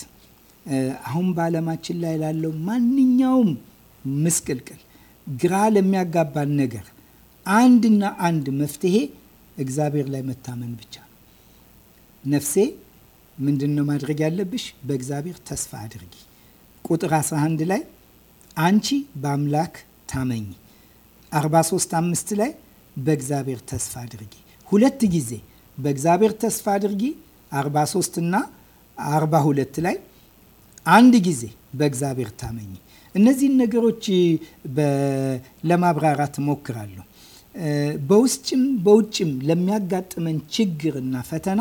አሁን በዓለማችን ላይ ላለው ማንኛውም ምስቅልቅል፣ ግራ ለሚያጋባን ነገር አንድና አንድ መፍትሄ እግዚአብሔር ላይ መታመን ብቻ ነው። ነፍሴ ምንድን ነው ማድረግ ያለብሽ? በእግዚአብሔር ተስፋ አድርጊ ቁጥር 11 ላይ አንቺ በአምላክ ታመኝ፣ 43 5 ላይ በእግዚአብሔር ተስፋ አድርጊ። ሁለት ጊዜ በእግዚአብሔር ተስፋ አድርጊ 43 እና 42 ላይ አንድ ጊዜ በእግዚአብሔር ታመኝ። እነዚህን ነገሮች ለማብራራት እሞክራለሁ። በውስጭም በውጭም ለሚያጋጥመን ችግርና ፈተና፣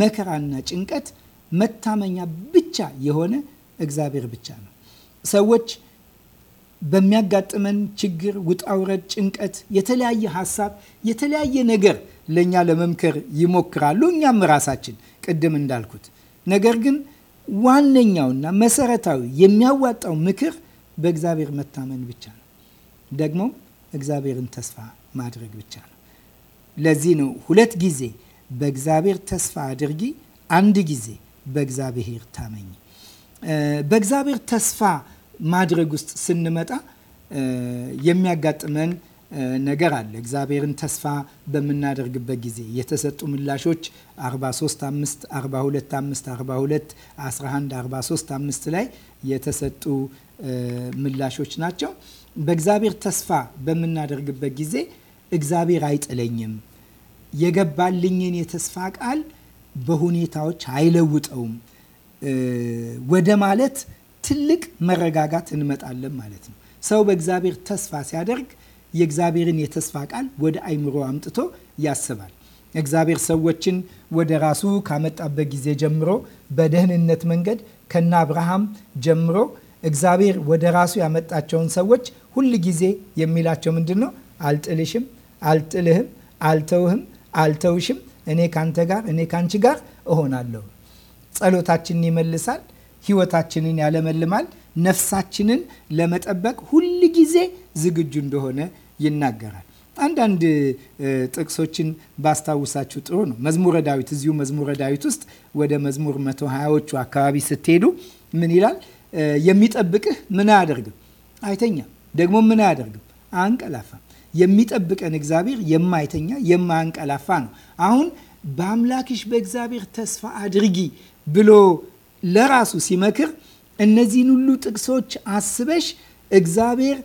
መከራና ጭንቀት መታመኛ ብቻ የሆነ እግዚአብሔር ብቻ ነው። ሰዎች በሚያጋጥመን ችግር፣ ውጣውረድ፣ ጭንቀት፣ የተለያየ ሀሳብ፣ የተለያየ ነገር ለእኛ ለመምከር ይሞክራሉ። እኛም ራሳችን ቅድም እንዳልኩት ነገር ግን ዋነኛውና መሰረታዊ የሚያዋጣው ምክር በእግዚአብሔር መታመን ብቻ ነው። ደግሞ እግዚአብሔርን ተስፋ ማድረግ ብቻ ነው። ለዚህ ነው ሁለት ጊዜ በእግዚአብሔር ተስፋ አድርጊ፣ አንድ ጊዜ በእግዚአብሔር ታመኝ በእግዚአብሔር ተስፋ ማድረግ ውስጥ ስንመጣ የሚያጋጥመን ነገር አለ። እግዚአብሔርን ተስፋ በምናደርግበት ጊዜ የተሰጡ ምላሾች 43 5 42 5 42 11 43 5 ላይ የተሰጡ ምላሾች ናቸው። በእግዚአብሔር ተስፋ በምናደርግበት ጊዜ እግዚአብሔር አይጥለኝም፣ የገባልኝን የተስፋ ቃል በሁኔታዎች አይለውጠውም ወደ ማለት ትልቅ መረጋጋት እንመጣለን ማለት ነው። ሰው በእግዚአብሔር ተስፋ ሲያደርግ የእግዚአብሔርን የተስፋ ቃል ወደ አይምሮ አምጥቶ ያስባል። እግዚአብሔር ሰዎችን ወደ ራሱ ካመጣበት ጊዜ ጀምሮ በደህንነት መንገድ ከነ አብርሃም ጀምሮ እግዚአብሔር ወደ ራሱ ያመጣቸውን ሰዎች ሁል ጊዜ የሚላቸው ምንድን ነው? አልጥልሽም፣ አልጥልህም፣ አልተውህም፣ አልተውሽም፣ እኔ ካንተ ጋር፣ እኔ ካንቺ ጋር እሆናለሁ ጸሎታችንን ይመልሳል፣ ህይወታችንን ያለመልማል፣ ነፍሳችንን ለመጠበቅ ሁል ጊዜ ዝግጁ እንደሆነ ይናገራል። አንዳንድ ጥቅሶችን ባስታውሳችሁ ጥሩ ነው። መዝሙረ ዳዊት እዚሁ መዝሙረ ዳዊት ውስጥ ወደ መዝሙር መቶ ሀያዎቹ አካባቢ ስትሄዱ ምን ይላል? የሚጠብቅህ ምን አያደርግም? አይተኛም። ደግሞ ምን አያደርግም? አንቀላፋም። የሚጠብቀን እግዚአብሔር የማይተኛ የማያንቀላፋ ነው። አሁን በአምላክሽ በእግዚአብሔር ተስፋ አድርጊ ብሎ ለራሱ ሲመክር እነዚህን ሁሉ ጥቅሶች አስበሽ እግዚአብሔር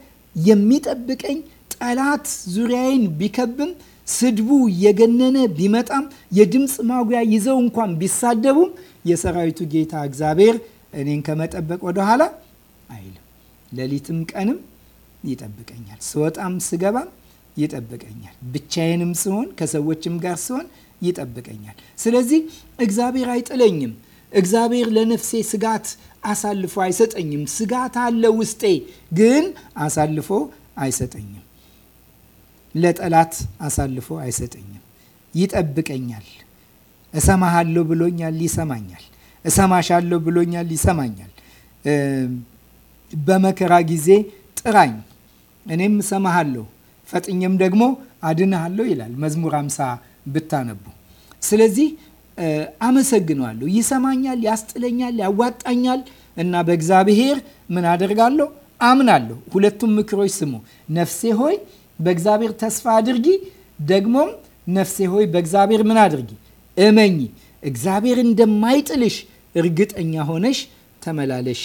የሚጠብቀኝ ጠላት ዙሪያዬን ቢከብም ስድቡ እየገነነ ቢመጣም የድምፅ ማጉያ ይዘው እንኳን ቢሳደቡም የሰራዊቱ ጌታ እግዚአብሔር እኔን ከመጠበቅ ወደኋላ አይልም። ሌሊትም ቀንም ይጠብቀኛል። ስወጣም ስገባም ይጠብቀኛል። ብቻዬንም ስሆን ከሰዎችም ጋር ስሆን ይጠብቀኛል። ስለዚህ እግዚአብሔር አይጥለኝም። እግዚአብሔር ለነፍሴ ስጋት አሳልፎ አይሰጠኝም። ስጋት አለ ውስጤ፣ ግን አሳልፎ አይሰጠኝም። ለጠላት አሳልፎ አይሰጠኝም። ይጠብቀኛል። እሰማሃለሁ ብሎኛል፣ ይሰማኛል። እሰማሻለሁ ብሎኛል፣ ይሰማኛል። በመከራ ጊዜ ጥራኝ፣ እኔም እሰማሃለሁ፣ ፈጥኜም ደግሞ አድንሃለሁ ይላል መዝሙር አምሳ ብታነቡ። ስለዚህ አመሰግነዋለሁ። ይሰማኛል፣ ያስጥለኛል፣ ያዋጣኛል እና በእግዚአብሔር ምን አደርጋለሁ? አምናለሁ። ሁለቱም ምክሮች ስሙ። ነፍሴ ሆይ በእግዚአብሔር ተስፋ አድርጊ፣ ደግሞም ነፍሴ ሆይ በእግዚአብሔር ምን አድርጊ? እመኚ፣ እግዚአብሔር እንደማይጥልሽ እርግጠኛ ሆነሽ ተመላለሺ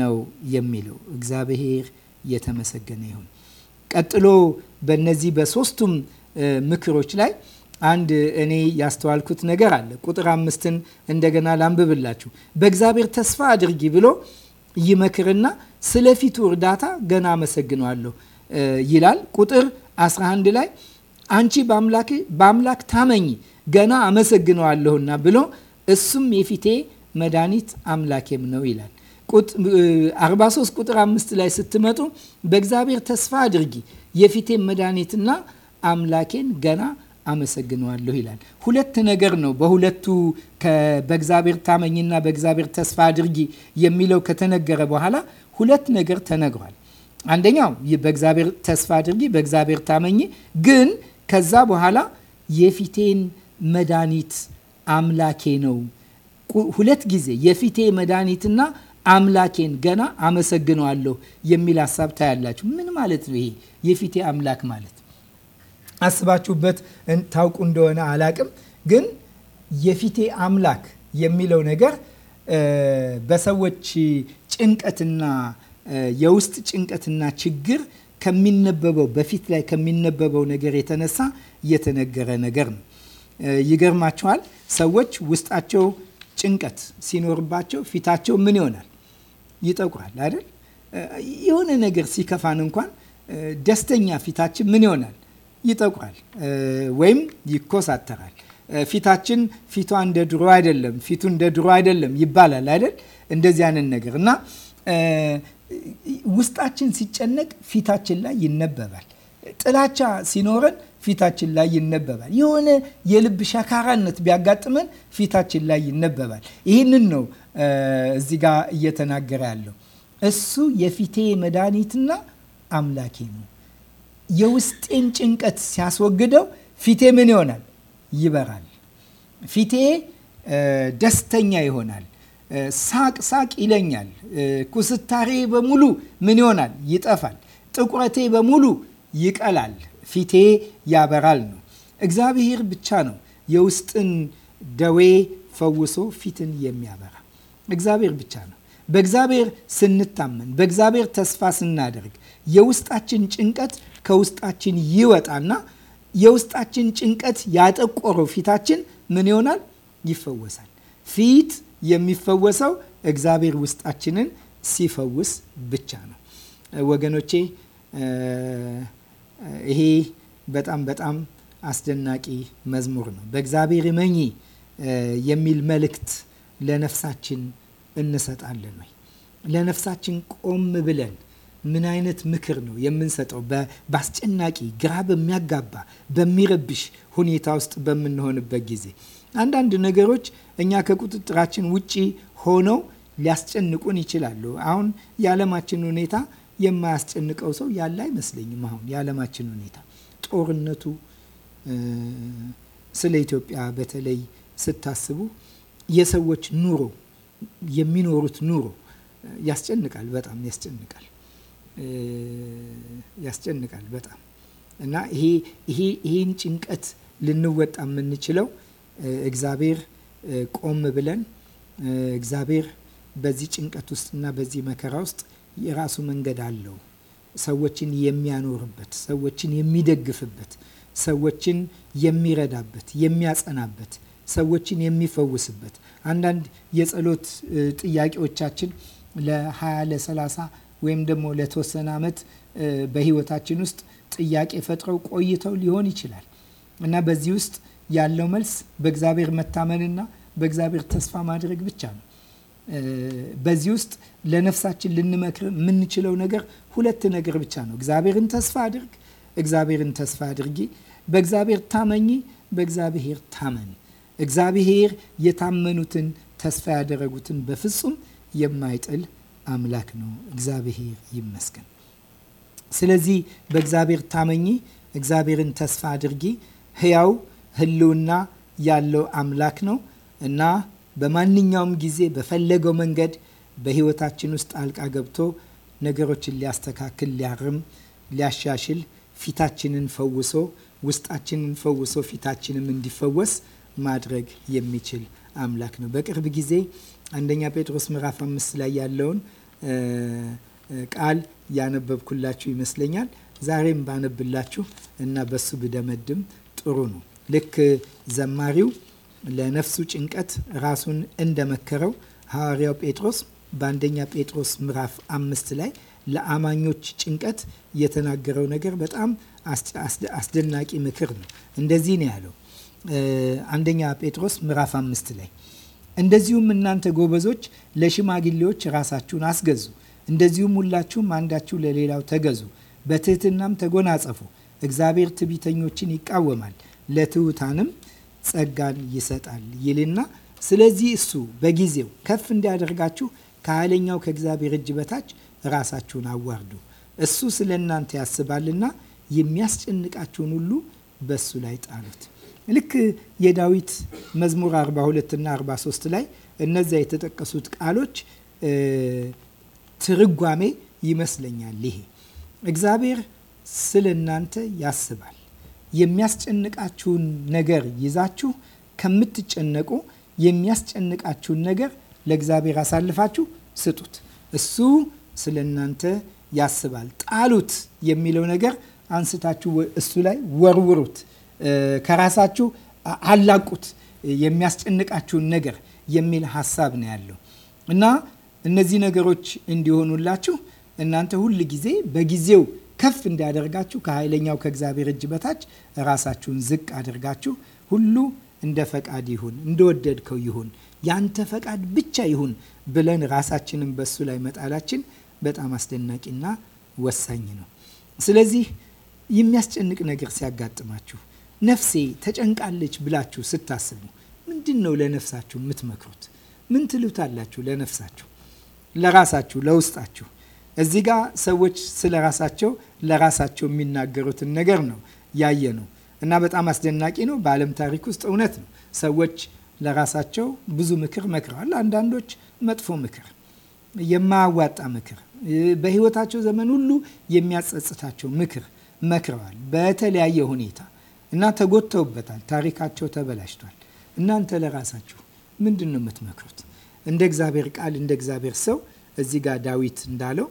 ነው የሚለው። እግዚአብሔር የተመሰገነ ይሁን። ቀጥሎ በእነዚህ በሶስቱም ምክሮች ላይ አንድ እኔ ያስተዋልኩት ነገር አለ። ቁጥር አምስትን እንደገና ላንብብላችሁ። በእግዚአብሔር ተስፋ አድርጊ ብሎ ይመክርና ስለፊቱ እርዳታ ገና አመሰግነዋለሁ ይላል። ቁጥር 11 ላይ አንቺ በአምላክ ታመኝ ገና አመሰግነዋለሁና ብሎ እሱም የፊቴ መድኃኒት አምላኬም ነው ይላል። 43 ቁጥር 5 ላይ ስትመጡ በእግዚአብሔር ተስፋ አድርጊ የፊቴን መድኃኒትና አምላኬን ገና አመሰግነዋለሁ ይላል። ሁለት ነገር ነው በሁለቱ በእግዚአብሔር ታመኝና በእግዚአብሔር ተስፋ አድርጊ የሚለው ከተነገረ በኋላ ሁለት ነገር ተነግሯል። አንደኛው በእግዚአብሔር ተስፋ አድርጊ፣ በእግዚአብሔር ታመኝ፣ ግን ከዛ በኋላ የፊቴን መድኃኒት አምላኬ ነው። ሁለት ጊዜ የፊቴ መድኃኒትና አምላኬን ገና አመሰግነዋለሁ የሚል ሀሳብ ታያላችሁ። ምን ማለት ነው? ይሄ የፊቴ አምላክ ማለት አስባችሁበት ታውቁ እንደሆነ አላቅም፣ ግን የፊቴ አምላክ የሚለው ነገር በሰዎች ጭንቀትና የውስጥ ጭንቀትና ችግር ከሚነበበው በፊት ላይ ከሚነበበው ነገር የተነሳ የተነገረ ነገር ነው። ይገርማቸዋል ሰዎች ውስጣቸው ጭንቀት ሲኖርባቸው ፊታቸው ምን ይሆናል? ይጠቁራል አይደል? የሆነ ነገር ሲከፋን እንኳን ደስተኛ ፊታችን ምን ይሆናል? ይጠቁራል ወይም ይኮሳተራል። ፊታችን ፊቷ እንደ ድሮ አይደለም፣ ፊቱ እንደ ድሮ አይደለም ይባላል አይደል? እንደዚህ አይነት ነገር እና ውስጣችን ሲጨነቅ ፊታችን ላይ ይነበባል። ጥላቻ ሲኖረን ፊታችን ላይ ይነበባል። የሆነ የልብ ሸካራነት ቢያጋጥመን ፊታችን ላይ ይነበባል። ይህንን ነው እዚህ ጋር እየተናገረ ያለው። እሱ የፊቴ መድኃኒትና አምላኬ ነው የውስጤን ጭንቀት ሲያስወግደው ፊቴ ምን ይሆናል? ይበራል። ፊቴ ደስተኛ ይሆናል። ሳቅ ሳቅ ይለኛል። ኩስታሬ በሙሉ ምን ይሆናል? ይጠፋል። ጥቁረቴ በሙሉ ይቀላል። ፊቴ ያበራል ነው። እግዚአብሔር ብቻ ነው የውስጥን ደዌ ፈውሶ ፊትን የሚያበራ እግዚአብሔር ብቻ ነው። በእግዚአብሔር ስንታመን፣ በእግዚአብሔር ተስፋ ስናደርግ የውስጣችን ጭንቀት ከውስጣችን ይወጣና የውስጣችን ጭንቀት ያጠቆረው ፊታችን ምን ይሆናል? ይፈወሳል። ፊት የሚፈወሰው እግዚአብሔር ውስጣችንን ሲፈውስ ብቻ ነው። ወገኖቼ ይሄ በጣም በጣም አስደናቂ መዝሙር ነው። በእግዚአብሔር እመኚ የሚል መልእክት ለነፍሳችን እንሰጣለን ወይ? ለነፍሳችን ቆም ብለን ምን አይነት ምክር ነው የምንሰጠው? በአስጨናቂ ግራ በሚያጋባ በሚረብሽ ሁኔታ ውስጥ በምንሆንበት ጊዜ አንዳንድ ነገሮች እኛ ከቁጥጥራችን ውጪ ሆነው ሊያስጨንቁን ይችላሉ። አሁን የዓለማችን ሁኔታ የማያስጨንቀው ሰው ያለ አይመስለኝም። አሁን የዓለማችን ሁኔታ ጦርነቱ፣ ስለ ኢትዮጵያ በተለይ ስታስቡ የሰዎች ኑሮ የሚኖሩት ኑሮ ያስጨንቃል፣ በጣም ያስጨንቃል። ያስጨንቃል በጣም እና ይህን ጭንቀት ልንወጣ የምንችለው እግዚአብሔር ቆም ብለን እግዚአብሔር በዚህ ጭንቀት ውስጥና በዚህ መከራ ውስጥ የራሱ መንገድ አለው። ሰዎችን የሚያኖርበት፣ ሰዎችን የሚደግፍበት፣ ሰዎችን የሚረዳበት፣ የሚያጸናበት፣ ሰዎችን የሚፈውስበት አንዳንድ የጸሎት ጥያቄዎቻችን ለ20 ለ30 ወይም ደግሞ ለተወሰነ አመት በህይወታችን ውስጥ ጥያቄ ፈጥረው ቆይተው ሊሆን ይችላል እና በዚህ ውስጥ ያለው መልስ በእግዚአብሔር መታመንና በእግዚአብሔር ተስፋ ማድረግ ብቻ ነው። በዚህ ውስጥ ለነፍሳችን ልንመክር የምንችለው ነገር ሁለት ነገር ብቻ ነው። እግዚአብሔርን ተስፋ አድርግ፣ እግዚአብሔርን ተስፋ አድርጊ፣ በእግዚአብሔር ታመኚ፣ በእግዚአብሔር ታመን። እግዚአብሔር የታመኑትን ተስፋ ያደረጉትን በፍጹም የማይጥል አምላክ ነው። እግዚአብሔር ይመስገን። ስለዚህ በእግዚአብሔር ታመኚ፣ እግዚአብሔርን ተስፋ አድርጊ። ህያው ህልውና ያለው አምላክ ነው እና በማንኛውም ጊዜ በፈለገው መንገድ በህይወታችን ውስጥ ጣልቃ ገብቶ ነገሮችን ሊያስተካክል፣ ሊያርም፣ ሊያሻሽል ፊታችንን ፈውሶ ውስጣችንን ፈውሶ ፊታችንም እንዲፈወስ ማድረግ የሚችል አምላክ ነው። በቅርብ ጊዜ አንደኛ ጴጥሮስ ምዕራፍ አምስት ላይ ያለውን ቃል ያነበብኩላችሁ ይመስለኛል። ዛሬም ባነብላችሁ እና በሱ ብደመድም ጥሩ ነው። ልክ ዘማሪው ለነፍሱ ጭንቀት ራሱን እንደመከረው ሐዋርያው ጴጥሮስ በአንደኛ ጴጥሮስ ምዕራፍ አምስት ላይ ለአማኞች ጭንቀት የተናገረው ነገር በጣም አስደናቂ ምክር ነው። እንደዚህ ነው ያለው አንደኛ ጴጥሮስ ምዕራፍ አምስት ላይ እንደዚሁም እናንተ ጎበዞች ለሽማግሌዎች ራሳችሁን አስገዙ። እንደዚሁም ሁላችሁም አንዳችሁ ለሌላው ተገዙ፣ በትህትናም ተጎናጸፉ። እግዚአብሔር ትዕቢተኞችን ይቃወማል፣ ለትሑታንም ጸጋን ይሰጣል ይልና ስለዚህ እሱ በጊዜው ከፍ እንዲያደርጋችሁ ከኃይለኛው ከእግዚአብሔር እጅ በታች ራሳችሁን አዋርዱ። እሱ ስለ እናንተ ያስባልና የሚያስጨንቃችሁን ሁሉ በእሱ ላይ ጣሉት። ልክ የዳዊት መዝሙር 42 እና 43 ላይ እነዚያ የተጠቀሱት ቃሎች ትርጓሜ ይመስለኛል። ይሄ እግዚአብሔር ስለ እናንተ ያስባል፣ የሚያስጨንቃችሁን ነገር ይዛችሁ ከምትጨነቁ የሚያስጨንቃችሁን ነገር ለእግዚአብሔር አሳልፋችሁ ስጡት፣ እሱ ስለ እናንተ ያስባል። ጣሉት የሚለው ነገር አንስታችሁ እሱ ላይ ወርውሩት ከራሳችሁ አላቁት የሚያስጨንቃችሁን ነገር የሚል ሀሳብ ነው ያለው እና እነዚህ ነገሮች እንዲሆኑላችሁ እናንተ ሁል ጊዜ በጊዜው ከፍ እንዲያደርጋችሁ ከኃይለኛው ከእግዚአብሔር እጅ በታች ራሳችሁን ዝቅ አድርጋችሁ ሁሉ እንደ ፈቃድ ይሁን እንደወደድከው ይሁን ያንተ ፈቃድ ብቻ ይሁን ብለን ራሳችንን በሱ ላይ መጣላችን በጣም አስደናቂና ወሳኝ ነው። ስለዚህ የሚያስጨንቅ ነገር ሲያጋጥማችሁ ነፍሴ ተጨንቃለች ብላችሁ ስታስቡ ምንድን ነው ለነፍሳችሁ የምትመክሩት? ምን ትሉታላችሁ? ለነፍሳችሁ፣ ለራሳችሁ፣ ለውስጣችሁ። እዚህ ጋር ሰዎች ስለ ራሳቸው ለራሳቸው የሚናገሩትን ነገር ነው ያየ ነው እና በጣም አስደናቂ ነው። በዓለም ታሪክ ውስጥ እውነት ነው። ሰዎች ለራሳቸው ብዙ ምክር መክረዋል። አንዳንዶች መጥፎ ምክር፣ የማያዋጣ ምክር፣ በህይወታቸው ዘመን ሁሉ የሚያጸጽታቸው ምክር መክረዋል በተለያየ ሁኔታ እና ተጎድተውበታል። ታሪካቸው ተበላሽቷል። እናንተ ለራሳችሁ ምንድን ነው የምትመክሩት? እንደ እግዚአብሔር ቃል እንደ እግዚአብሔር ሰው እዚህ ጋር ዳዊት እንዳለው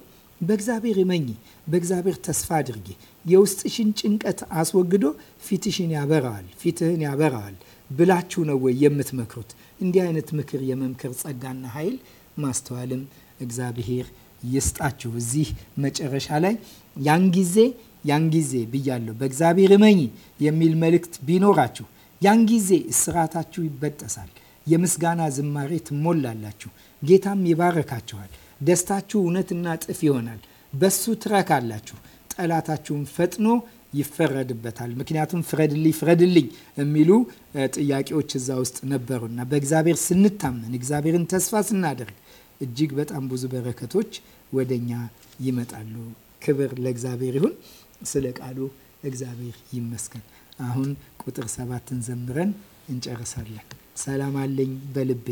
በእግዚአብሔር እመኚ፣ በእግዚአብሔር ተስፋ አድርጊ። የውስጥሽን ጭንቀት አስወግዶ ፊትሽን ያበራዋል፣ ፊትህን ያበራዋል ብላችሁ ነው ወይ የምትመክሩት? እንዲህ አይነት ምክር የመምከር ጸጋና ኃይል ማስተዋልም እግዚአብሔር ይስጣችሁ። እዚህ መጨረሻ ላይ ያን ጊዜ ያን ጊዜ ብያለሁ በእግዚአብሔር እመኝ የሚል መልእክት ቢኖራችሁ ያን ጊዜ እስራታችሁ ይበጠሳል፣ የምስጋና ዝማሬ ትሞላላችሁ፣ ጌታም ይባረካችኋል። ደስታችሁ እውነትና ጥፍ ይሆናል። በሱ ትረካላችሁ፣ ጠላታችሁም ፈጥኖ ይፈረድበታል። ምክንያቱም ፍረድልኝ ፍረድልኝ የሚሉ ጥያቄዎች እዛ ውስጥ ነበሩና በእግዚአብሔር ስንታመን እግዚአብሔርን ተስፋ ስናደርግ እጅግ በጣም ብዙ በረከቶች ወደኛ ይመጣሉ። ክብር ለእግዚአብሔር ይሁን። ስለ ቃሉ እግዚአብሔር ይመስገን። አሁን ቁጥር ሰባትን ዘምረን እንጨርሳለን። ሰላም አለኝ በልቤ